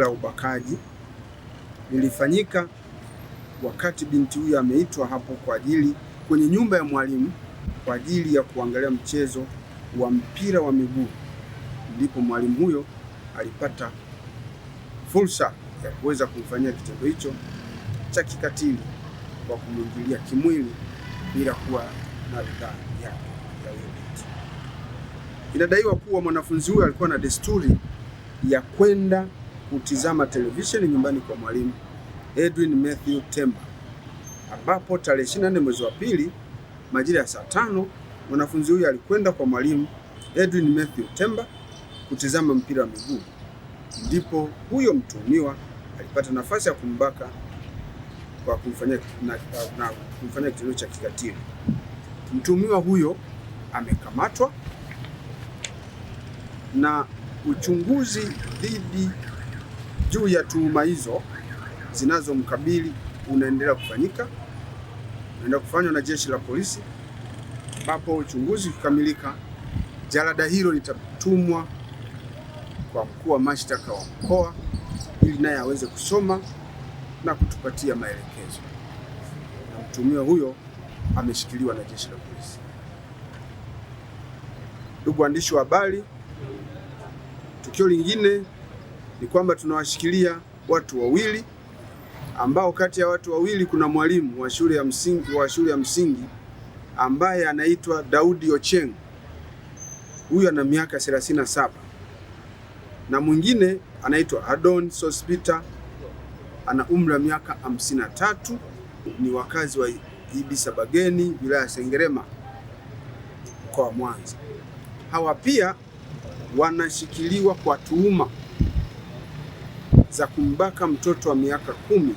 la ubakaji lilifanyika wakati binti huyu ameitwa hapo kwa ajili kwenye nyumba ya mwalimu kwa ajili ya kuangalia mchezo wa mpira wa miguu, ndipo mwalimu huyo alipata fursa ya kuweza kumfanyia kitendo hicho cha kikatili kwa kumwingilia kimwili bila kuwa na ridhaa yake ya huyo binti. Inadaiwa kuwa mwanafunzi huyo alikuwa na desturi ya kwenda kutizama televisheni nyumbani kwa mwalimu Edwin Mathew Temba, ambapo tarehe 24 mwezi wa pili majira ya saa tano mwanafunzi huyo alikwenda kwa mwalimu Edwin Mathew Temba kutizama mpira wa miguu, ndipo huyo mtuhumiwa alipata nafasi ya kumbaka kwa kumfanyia na, na kumfanyia kitendo cha kikatili. Mtuhumiwa huyo amekamatwa na uchunguzi dhidi juu ya tuhuma hizo zinazomkabili unaendelea kufanyika, unaendelea kufanywa na jeshi la polisi, ambapo uchunguzi ukikamilika, jalada hilo litatumwa kwa mkuu wa mashtaka wa mkoa ili naye aweze kusoma na kutupatia maelekezo. Na mtuhumiwa huyo ameshikiliwa na jeshi la polisi. Ndugu waandishi wa habari, tukio lingine ni kwamba tunawashikilia watu wawili ambao kati ya watu wawili kuna mwalimu wa shule ya msingi, wa shule ya msingi ambaye anaitwa Daudi Ocheng. Huyu ana miaka 37 na mwingine anaitwa Adon Sospita ana umri wa miaka 53, ni wakazi wa Ibisa Bageni, wilaya ya Sengerema, mkoa wa Mwanza. Hawa pia wanashikiliwa kwa tuhuma za kumbaka mtoto wa miaka kumi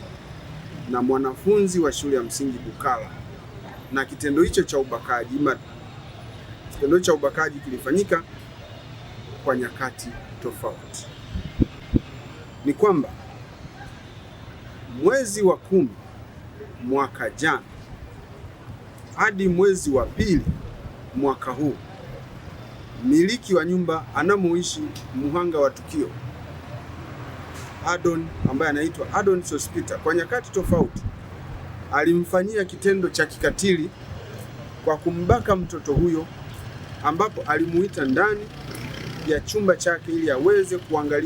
na mwanafunzi wa shule ya msingi Bukala, na kitendo hicho cha ubakaji kitendo cha ubakaji kilifanyika kwa nyakati tofauti. Ni kwamba mwezi wa kumi mwaka jana hadi mwezi wa pili mwaka huu, miliki wa nyumba anamoishi mhanga wa tukio Adon ambaye anaitwa Adon Sospita kwa nyakati tofauti alimfanyia kitendo cha kikatili kwa kumbaka mtoto huyo, ambapo alimuita ndani ya chumba chake ili aweze kuangalia